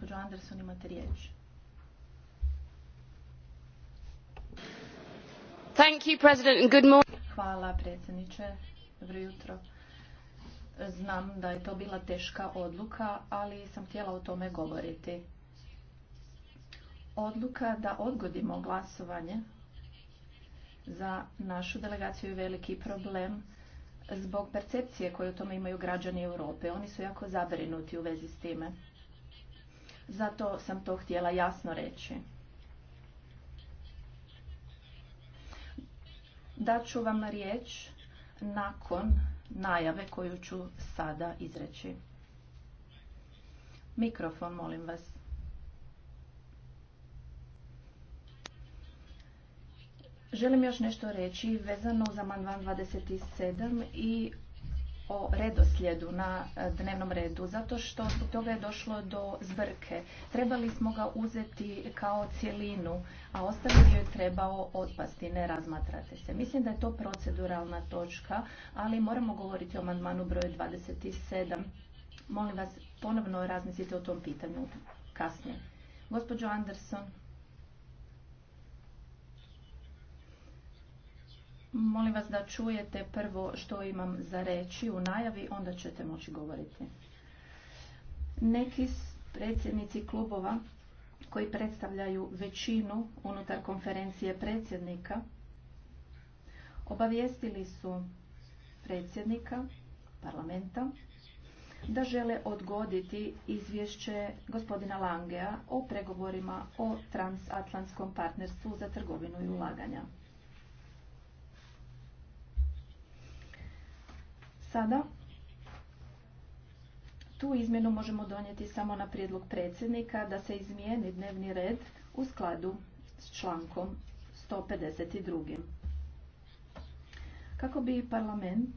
Gospođo Anderson, imate riječ. Hvala predsjedniče. Dobro jutro. Znam da je to bila teška odluka, ali sam htjela o tome govoriti. Odluka da odgodimo glasovanje za našu delegaciju je veliki problem zbog percepcije koju u tome imaju građani Europe. Oni su jako zabrinuti u vezi s time. Zato sam to htjela jasno reći. Daću vam riječ nakon najave koju ću sada izreći. Mikrofon, molim vas. Želim još nešto reći vezano za amandman 27 i o redoslijedu na e, dnevnom redu, zato što zbog toga je došlo do zbrke. Trebali smo ga uzeti kao cjelinu, a ostali je trebao otpasti, ne razmatrate se. Mislim da je to proceduralna točka, ali moramo govoriti o amandmanu broju 27. Molim vas, ponovno razmislite o tom pitanju kasnije. Gospođo Anderson. Molim vas da čujete prvo što imam za reći u najavi, onda ćete moći govoriti. Neki predsjednici klubova koji predstavljaju većinu unutar konferencije predsjednika obavijestili su predsjednika parlamenta da žele odgoditi izvješće gospodina Langea o pregovorima o transatlantskom partnerstvu za trgovinu i ulaganja. Sada tu izmjenu možemo donijeti samo na prijedlog predsjednika da se izmijeni dnevni red u skladu s člankom 152. Kako bi parlament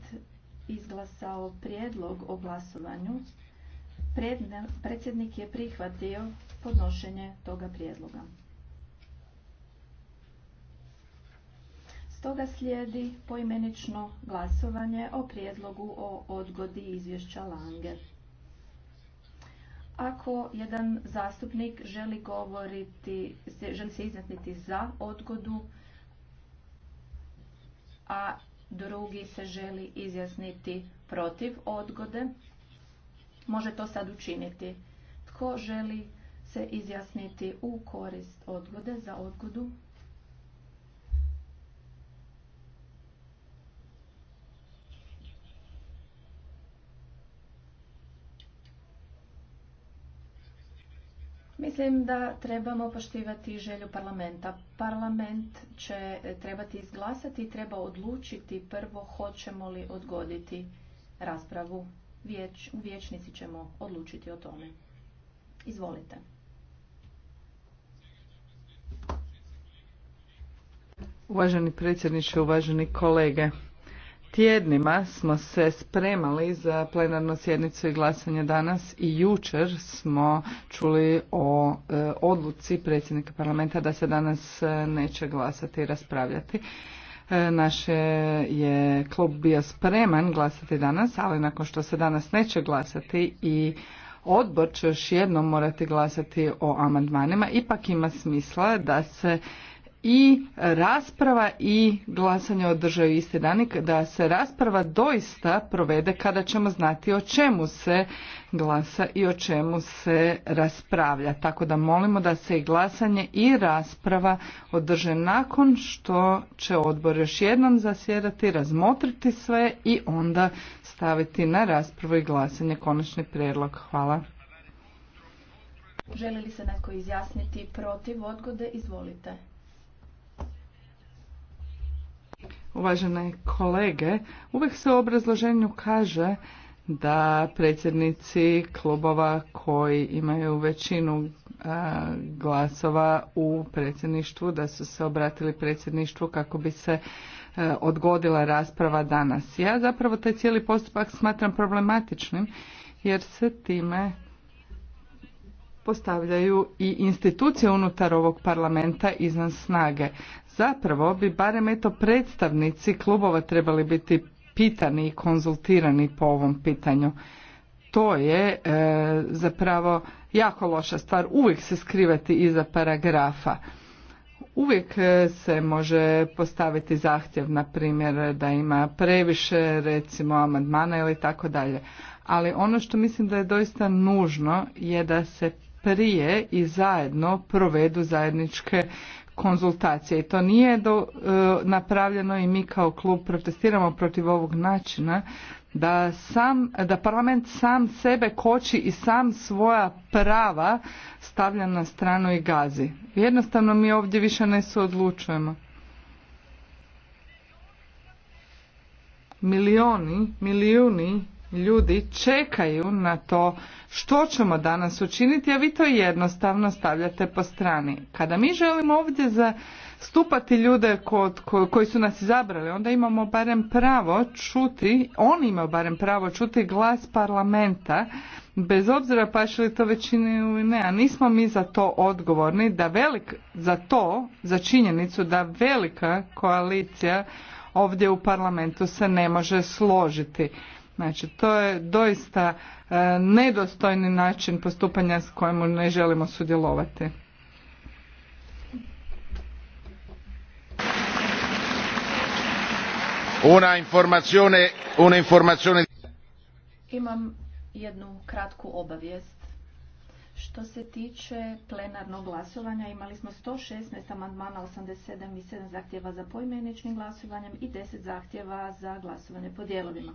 izglasao prijedlog o glasovanju, predsjednik je prihvatio podnošenje toga prijedloga. toga slijedi poimenično glasovanje o prijedlogu o odgodi izvješća Lange. Ako jedan zastupnik želi govoriti, želi se izjasniti za odgodu, a drugi se želi izjasniti protiv odgode, može to sad učiniti. Tko želi se izjasniti u korist odgode za odgodu? Mislim da trebamo poštivati želju parlamenta. Parlament će trebati izglasati i treba odlučiti prvo hoćemo li odgoditi raspravu. Vječ, u vječnici ćemo odlučiti o tome. Izvolite. Uvaženi predsjedniče, uvaženi kolege tjednima smo se spremali za plenarnu sjednicu i glasanje danas i jučer smo čuli o e, odluci predsjednika parlamenta da se danas e, neće glasati i raspravljati. E, naš je klub bio spreman glasati danas, ali nakon što se danas neće glasati i odbor će još jednom morati glasati o amandmanima, ipak ima smisla da se i rasprava i glasanje održaju isti danik, da se rasprava doista provede kada ćemo znati o čemu se glasa i o čemu se raspravlja. Tako da molimo da se i glasanje i rasprava održe nakon što će odbor još jednom zasjedati, razmotriti sve i onda staviti na raspravu i glasanje konačni prijedlog. Hvala. Želi li se neko izjasniti protiv odgode? Izvolite. Uvažene kolege, uvijek se u obrazloženju kaže da predsjednici klubova koji imaju većinu glasova u predsjedništvu, da su se obratili predsjedništvu kako bi se odgodila rasprava danas. Ja zapravo taj cijeli postupak smatram problematičnim jer se time postavljaju i institucije unutar ovog parlamenta izvan snage zapravo bi barem eto predstavnici klubova trebali biti pitani i konzultirani po ovom pitanju. To je e, zapravo jako loša stvar, uvijek se skrivati iza paragrafa. Uvijek e, se može postaviti zahtjev, na primjer, da ima previše, recimo, amandmana ili tako dalje. Ali ono što mislim da je doista nužno je da se prije i zajedno provedu zajedničke konzultacija i to nije do, e, napravljeno i mi kao klub protestiramo protiv ovog načina da, sam, da parlament sam sebe koči i sam svoja prava stavlja na stranu i gazi. Jednostavno mi ovdje više ne odlučujemo. Milioni, milijuni ljudi čekaju na to što ćemo danas učiniti, a vi to jednostavno stavljate po strani. Kada mi želimo ovdje zastupati ljude koji su nas izabrali, onda imamo barem pravo čuti, oni imaju barem pravo čuti glas parlamenta, bez obzira paši li to većini ili ne, a nismo mi za to odgovorni, da za to, za činjenicu da velika koalicija ovdje u parlamentu se ne može složiti. Znači, to je doista e, nedostojni način postupanja s kojim ne želimo sudjelovati. Una informazione, una informazione... Imam jednu kratku obavijest. Što se tiče plenarnog glasovanja, imali smo 116 amandmana, 87 i 7 zahtjeva za poimeničnim glasovanjem i 10 zahtjeva za glasovanje po dijelovima.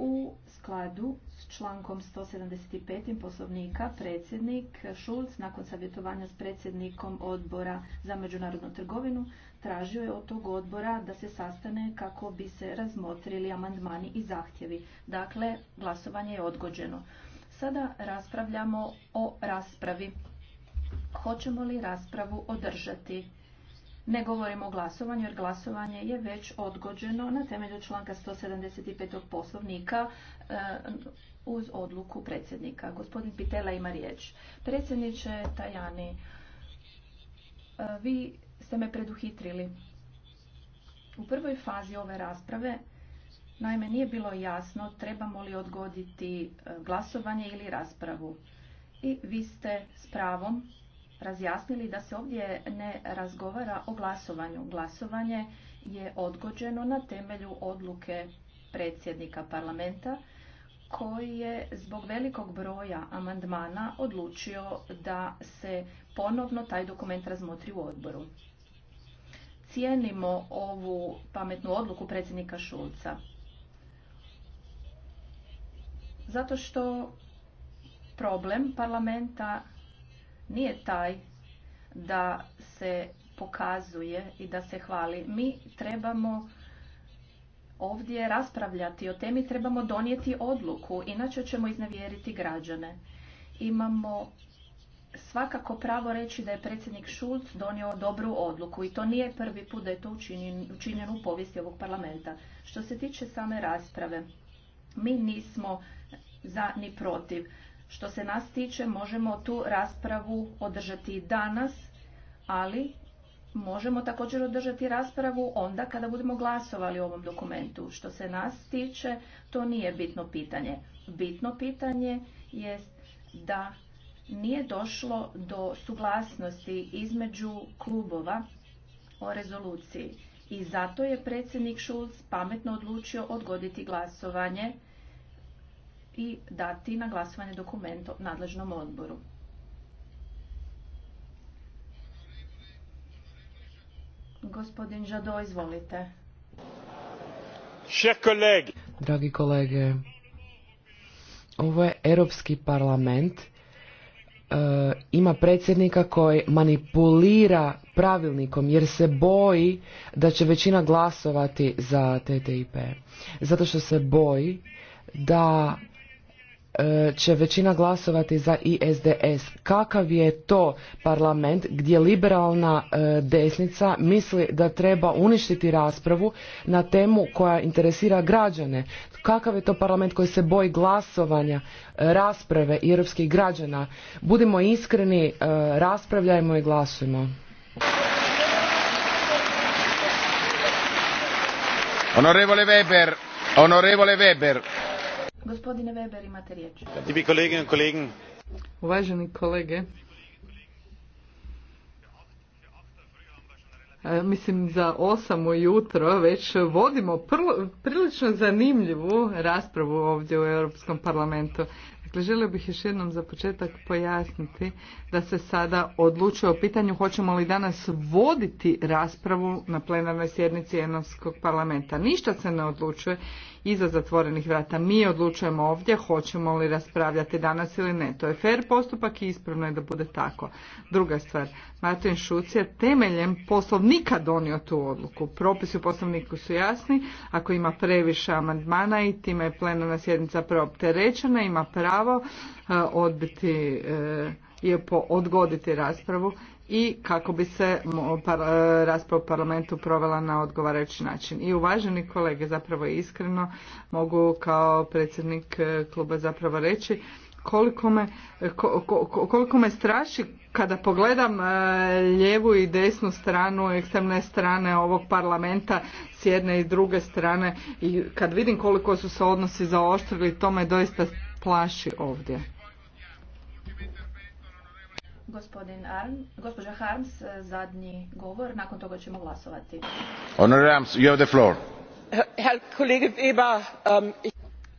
U skladu s člankom 175. poslovnika predsjednik Šulc nakon savjetovanja s predsjednikom odbora za međunarodnu trgovinu tražio je od tog odbora da se sastane kako bi se razmotrili amandmani i zahtjevi. Dakle, glasovanje je odgođeno. Sada raspravljamo o raspravi. Hoćemo li raspravu održati? Ne govorimo o glasovanju jer glasovanje je već odgođeno na temelju članka 175. poslovnika eh, uz odluku predsjednika. Gospodin Pitela ima riječ. Predsjedniče Tajani, eh, vi ste me preduhitrili. U prvoj fazi ove rasprave naime nije bilo jasno trebamo li odgoditi eh, glasovanje ili raspravu. I vi ste s pravom razjasnili da se ovdje ne razgovara o glasovanju. Glasovanje je odgođeno na temelju odluke predsjednika parlamenta koji je zbog velikog broja amandmana odlučio da se ponovno taj dokument razmotri u odboru. Cijenimo ovu pametnu odluku predsjednika Šulca. Zato što problem parlamenta nije taj da se pokazuje i da se hvali. Mi trebamo ovdje raspravljati o temi, trebamo donijeti odluku, inače ćemo iznevjeriti građane. Imamo svakako pravo reći da je predsjednik Šulc donio dobru odluku i to nije prvi put da je to učinjeno u povijesti ovog parlamenta. Što se tiče same rasprave, mi nismo za ni protiv. Što se nas tiče, možemo tu raspravu održati danas, ali možemo također održati raspravu onda kada budemo glasovali o ovom dokumentu. Što se nas tiče, to nije bitno pitanje. Bitno pitanje je da nije došlo do suglasnosti između klubova o rezoluciji i zato je predsjednik Šulc pametno odlučio odgoditi glasovanje i dati na glasovanje dokument nadležnom odboru. Gospodin Žado, izvolite. Dragi kolege, ovo je Europski parlament e, ima predsjednika koji manipulira pravilnikom jer se boji da će većina glasovati za TTIP. Zato što se boji da E, će većina glasovati za ISDS. Kakav je to parlament gdje liberalna e, desnica misli da treba uništiti raspravu na temu koja interesira građane? Kakav je to parlament koji se boji glasovanja, e, rasprave i europskih građana? Budimo iskreni, raspravljajmo i glasujmo. Onorevole Weber, onorevole Weber, Gospodine Weber, imate riječ. Uvaženi kolege, e, mislim za osam ujutro već vodimo prilično zanimljivu raspravu ovdje u Europskom parlamentu. Dakle, želio bih još jednom za početak pojasniti da se sada odlučuje o pitanju hoćemo li danas voditi raspravu na plenarnoj sjednici Europskog parlamenta. Ništa se ne odlučuje iza zatvorenih vrata. Mi odlučujemo ovdje hoćemo li raspravljati danas ili ne. To je fair postupak i ispravno je da bude tako. Druga stvar, Martin Šuc je temeljem poslovnika donio tu odluku. Propisi u poslovniku su jasni. Ako ima previše amandmana i time je plenarna sjednica preopterećena, ima pravo pravo e, odbiti je odgoditi raspravu i kako bi se e, rasprava u parlamentu provela na odgovarajući način. I uvaženi kolege, zapravo iskreno mogu kao predsjednik e, kluba zapravo reći koliko me, koliko me straši kada pogledam lijevu i desnu stranu, ekstremne strane ovog parlamenta s jedne i druge strane i kad vidim koliko su se odnosi zaoštrili, to me doista plaši ovdje. Gospodin Arm, gospođa Harms, zadnji govor, nakon toga ćemo glasovati. Honor Arms, you have the floor. Herr Kollege Weber, ähm,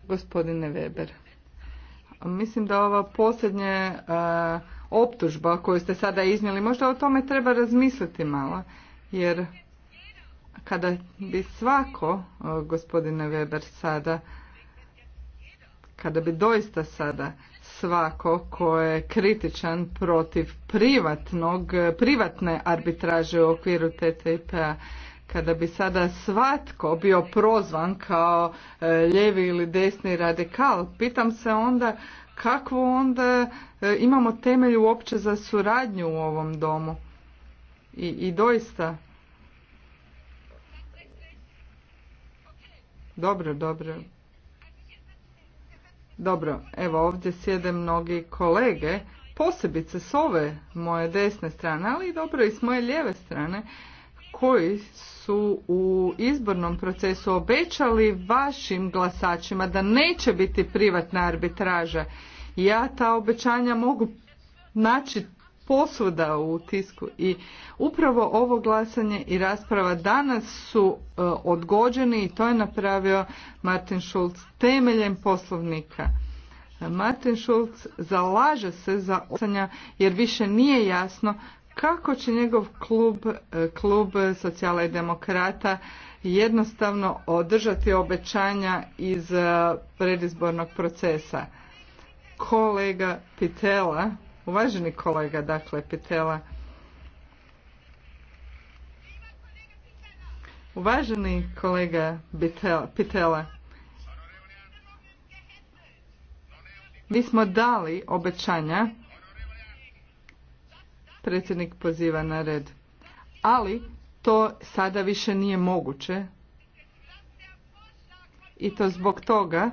Gospodine Weber, mislim da ova posljednja eh, optužba koju ste sada iznijeli, možda o tome treba razmisliti malo, jer kada bi svako, eh, gospodine Weber, sada kada bi doista sada svako ko je kritičan protiv privatnog, privatne arbitraže u okviru TTIP-a, kada bi sada svatko bio prozvan kao e, ljevi ili desni radikal, pitam se onda kakvu onda e, imamo temelj uopće za suradnju u ovom domu. I, i doista... Dobro, dobro. Dobro, evo ovdje sjede mnogi kolege, posebice s ove moje desne strane, ali i dobro i s moje lijeve strane, koji su u izbornom procesu obećali vašim glasačima da neće biti privatna arbitraža. Ja ta obećanja mogu naći posuda u tisku i upravo ovo glasanje i rasprava danas su e, odgođeni i to je napravio Martin Schulz temeljem poslovnika. Martin Schulz zalaže se za osanja jer više nije jasno kako će njegov klub, e, klub socijala i demokrata jednostavno održati obećanja iz e, predizbornog procesa. Kolega Pitela Uvaženi kolega, dakle, Pitela. Uvaženi kolega Pitela, mi smo dali obećanja, predsjednik poziva na red, ali to sada više nije moguće i to zbog toga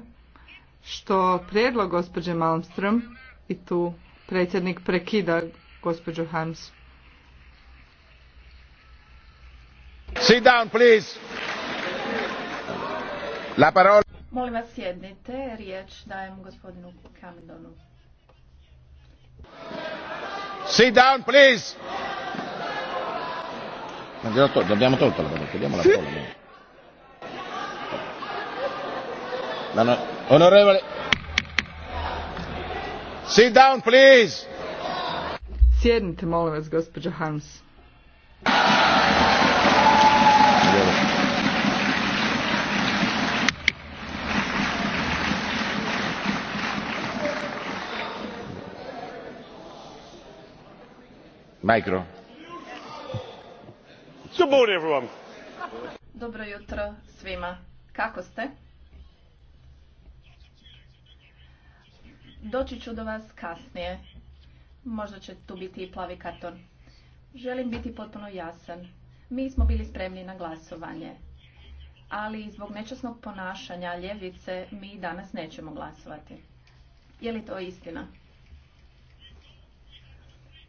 što prijedlog gospođe Malmström i tu Predsjednik prekida gospođu Hans. Sit down, please. La parola. Molim vas sjednite, riječ dajem gospodinu Kamdonu. Sit down, please. L'abbiamo tolto la parola, chiediamo la parola. Onorevole. Sit down, please. Sjednite, molim vas, gospođo Harms. Mikro. Good morning, everyone. Dobro jutro svima. Kako ste? Doći ću do vas kasnije. Možda će tu biti i plavi karton. Želim biti potpuno jasan. Mi smo bili spremni na glasovanje. Ali zbog nečasnog ponašanja ljevice mi danas nećemo glasovati. Je li to istina?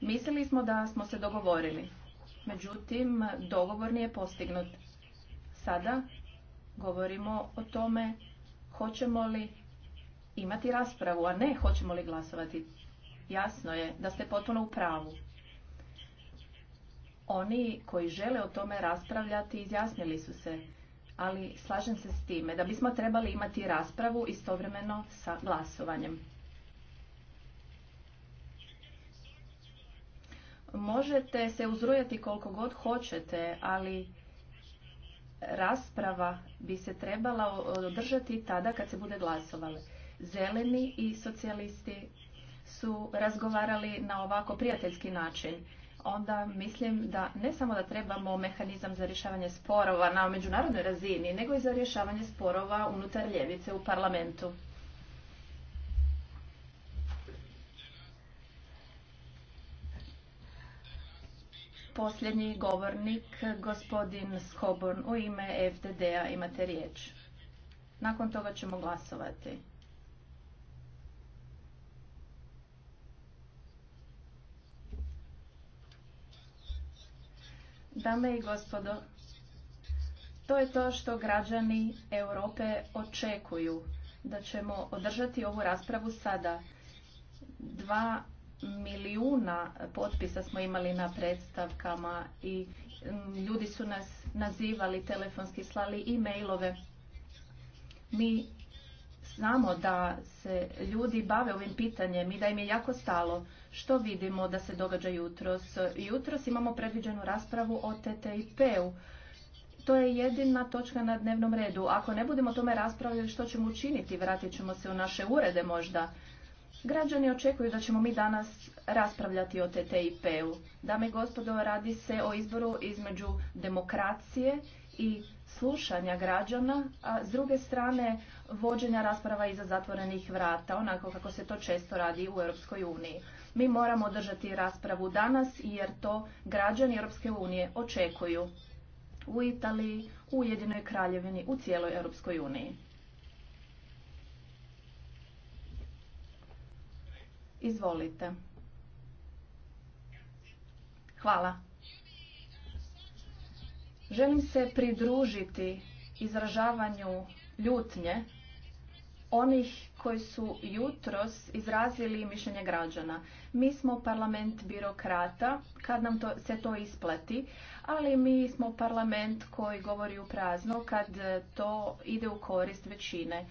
Mislili smo da smo se dogovorili. Međutim, dogovor nije postignut. Sada govorimo o tome hoćemo li imati raspravu, a ne hoćemo li glasovati. Jasno je da ste potpuno u pravu. Oni koji žele o tome raspravljati izjasnili su se, ali slažem se s time da bismo trebali imati raspravu istovremeno sa glasovanjem. Možete se uzrujati koliko god hoćete, ali rasprava bi se trebala održati tada kad se bude glasovalo. Zeleni i socijalisti su razgovarali na ovako prijateljski način onda mislim da ne samo da trebamo mehanizam za rješavanje sporova na međunarodnoj razini, nego i za rješavanje sporova unutar ljevice u parlamentu. Posljednji govornik, gospodin Skoborn, u ime FDD-a imate riječ. Nakon toga ćemo glasovati. Dame i gospodo, to je to što građani Europe očekuju, da ćemo održati ovu raspravu sada. Dva milijuna potpisa smo imali na predstavkama i mm, ljudi su nas nazivali telefonski, slali e-mailove. Mi znamo da se ljudi bave ovim pitanjem i da im je jako stalo. Što vidimo da se događa jutros? Jutros imamo predviđenu raspravu o TTIP-u. To je jedina točka na dnevnom redu. Ako ne budemo tome raspravljali što ćemo učiniti? Vratit ćemo se u naše urede možda. Građani očekuju da ćemo mi danas raspravljati o TTIP-u. Dame i gospodo, radi se o izboru između demokracije i slušanja građana, a s druge strane vođenja rasprava iza zatvorenih vrata, onako kako se to često radi u Europskoj uniji. Mi moramo držati raspravu danas jer to građani Europske unije očekuju u Italiji, u Jedinoj kraljevini, u cijeloj Europskoj uniji. Izvolite. Hvala. Želim se pridružiti izražavanju ljutnje onih koji su jutros izrazili mišljenje građana. Mi smo parlament birokrata, kad nam to, se to isplati, ali mi smo parlament koji govori u prazno kad to ide u korist većine.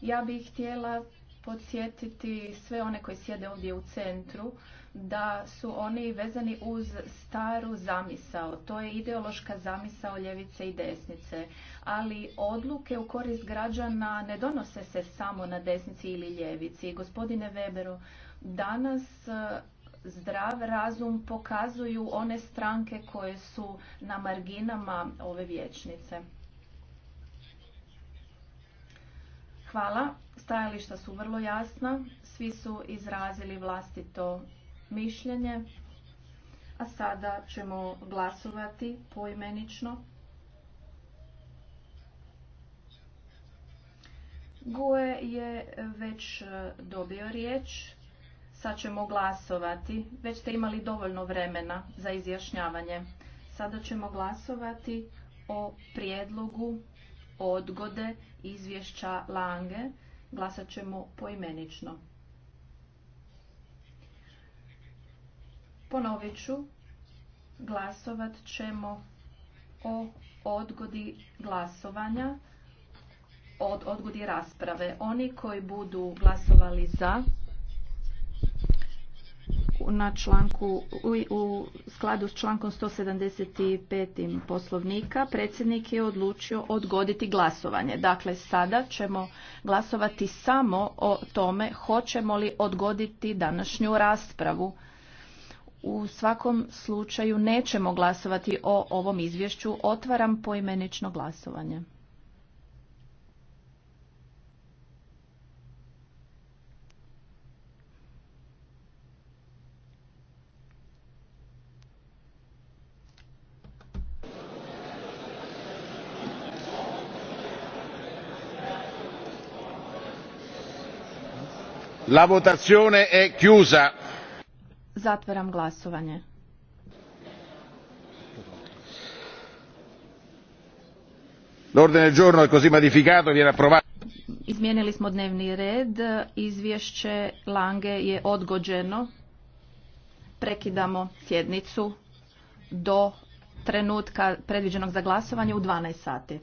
Ja bih htjela podsjetiti sve one koji sjede ovdje u centru da su oni vezani uz staru zamisao. To je ideološka zamisao ljevice i desnice. Ali odluke u korist građana ne donose se samo na desnici ili ljevici. Gospodine Weberu, danas e, zdrav razum pokazuju one stranke koje su na marginama ove vječnice. Hvala. Stajališta su vrlo jasna. Svi su izrazili vlastito mišljenje. A sada ćemo glasovati poimenično. Gue je već e, dobio riječ. Sad ćemo glasovati. Već ste imali dovoljno vremena za izjašnjavanje. Sada ćemo glasovati o prijedlogu odgode izvješća Lange. Glasat ćemo poimenično. Ponovit ću, glasovat ćemo o odgodi glasovanja, od odgodi rasprave. Oni koji budu glasovali za, na članku, u, skladu s člankom 175. poslovnika predsjednik je odlučio odgoditi glasovanje. Dakle, sada ćemo glasovati samo o tome hoćemo li odgoditi današnju raspravu. U svakom slučaju nećemo glasovati o ovom izvješću. Otvaram poimenično glasovanje. La votazione è chiusa. Zatvaram glasovanje. Izmijenili smo dnevni red, izvješće Lange je odgođeno. Prekidamo sjednicu do trenutka predviđenog za glasovanje u dvanaest sati.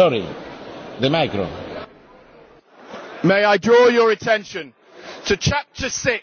Sorry, the micro. May I draw your attention to chapter 6